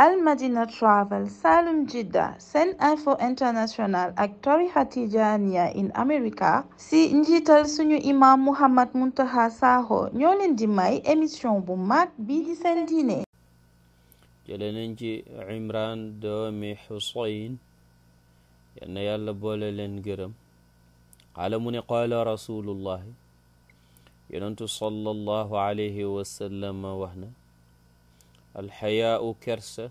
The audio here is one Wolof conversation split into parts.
al madina travel jidda sen info international ak tarixa tijaniya in america si njiital suñu imam muhammad muntaha sakho ñoo di may émission bu mag bii di seen diine jële doomi xusayn yenn yàlla boole leen gërëm xaala mu ne qaala rasulullahi yonentu sallallahu alayhi wasallama wax na alxayaau kersa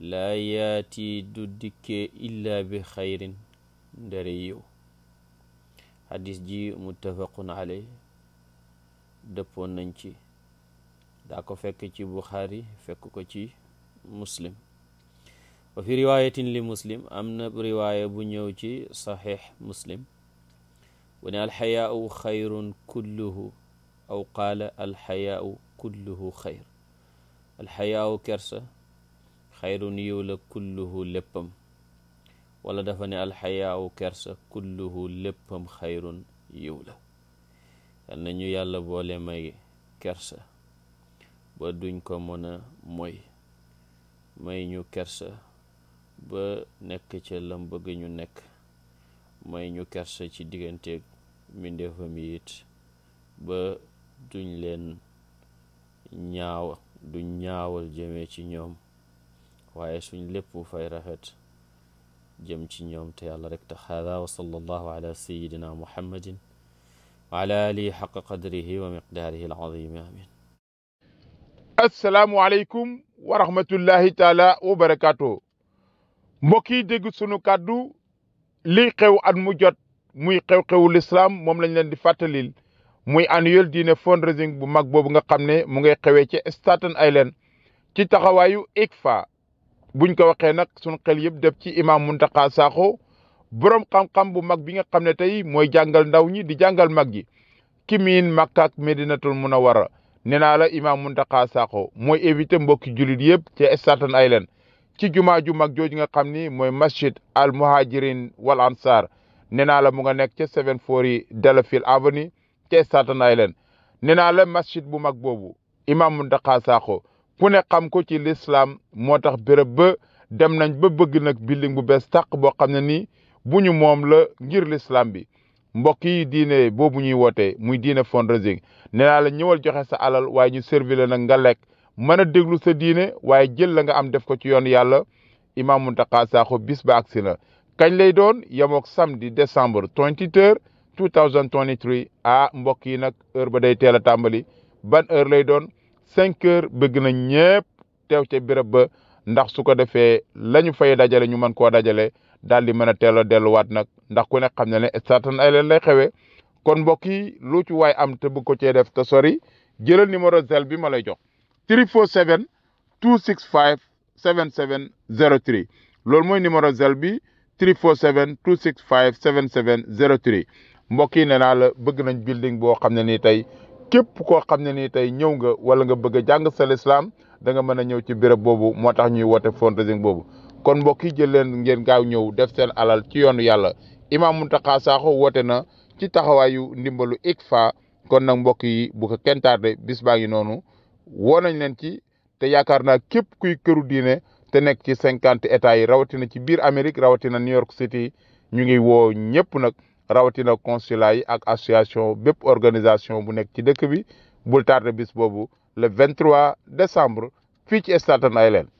laa yaati du dikkee illaa bi xayrin ndare yiw xadis ji muttafaqun aley dëppoon nañ ci daa ko fekk ci buxaari fekk ko ci muslim wa fi riwaayatin li muslim am na riwaaya bu ñëw ci saxiix muslim bu ne alxayaau xayrun kulluhu aw qaala alxayaau kulluhu xayr alxayaawu kersa xayrun yiw la kulluhu léppam wala dafa ne alxayaawu kersa kulluhu léppam xayrun yiw la yal na ñu yàlla boole may kersa ba duñ ko mën a moy may ñu kersa ba nekk ca lam bëgg ñu nekk may ñu kersa ci digganteeg mbindeefam yi it ba duñ leen ñaawa du ñaawal jëmee ci ñoom waaye suñ lépp fay rafet jëm ci ñoom te yàlla rek tax hada wa sallallahu ala sayidina muhammadin wa ala alihi xaqa amin asalaamu aleykum wa rahmatullahi taala wa barakaatu mbokk yi dégg sunu kàddu lii xew mu jot muy xew-xewu lislaam moom lañ leen di fàttalil muy annuel dîner fundraising bu mag boobu nga xam ne mu ngay xewee ci Staten Island ci taxawaayu ICFA buñ ko waxee nag suñ xel yëpp def ci imam Muntaqa saako borom xam-xam bu mag bi nga xam ne tey mooy jàngal ndaw ñi di jàngal mag ji ki miin Makka ak Medinatul Munawwara nee naa la mun Muntaqa saako mooy éviter mbokki jullit yëpp ci Staten Island ci jumaa ju mag jooju nga xam ni mooy masjid al muhajirin wal ansar nee naa la mu nga nekk ca 740 Delafield Avenue Thiès saatanaay leen nee naa la masjid bu mag boobu imam Mountakha Sakho ku ne xam ko ci lislaam moo tax béréb ba dem nañ ba bëgg nag building bu bees tàq boo xam ne nii bu ñu moom la ngir lislaam bi mbokk yi diine boobu ñuy wootee muy diine fundraising nee naa la ñëwal joxe sa alal waaye ñu servi nag nga lekk mën a déglu sa diine waaye jël la nga am def ko ci yoon yàlla imam Mountakha Sakho bis ba si na kañ lay doon yemook samedi décembre 20 2023 ah mbokk yi nag heure ba day teel a tàmbali ban heure lay doon cinq heures bëgg na ñëpp teew ca béréb ba ndax su ko defee la ñu fay dajale ñu mën koo dajale daal di mën a teel a delluwaat nag ndax ku ne xam na ne certain ay leen lay xewee kon mbokk yi lu ci waay am te bug ko cee def te sori jëlal numéro zel bi ma lay jox 347 265 7703 loolu mooy numéro zel bi 347 265 7703 mbokk yi nee naa la bëgg nañ building boo xam ne nii tey képp koo xam ne nii tey ñëw nga wala nga bëgg a jàng sa lislaam da mën a ñëw ci béréb boobu moo tax ñuy woote fundraising boobu kon mbokk yi jël leen ngeen gaaw ñëw def seen alal ci yoonu yàlla Imam Mountakha Sakho woote na ci taxawaayu ndimbalu ICFA kon nag mbokk yi bu ko kenn tardé bis baa noonu woo nañ leen ci te yaakaar naa képp kuy këru diine te nekk ci cinquante états yi rawatina ci biir Amérique rawatina New York City ñu ngi woo ñëpp nag rawatina consulat ak association bépp organisation bu nekk ci dëkk bi bul tardé bis boobu le 23 décembre fii ci Staten Island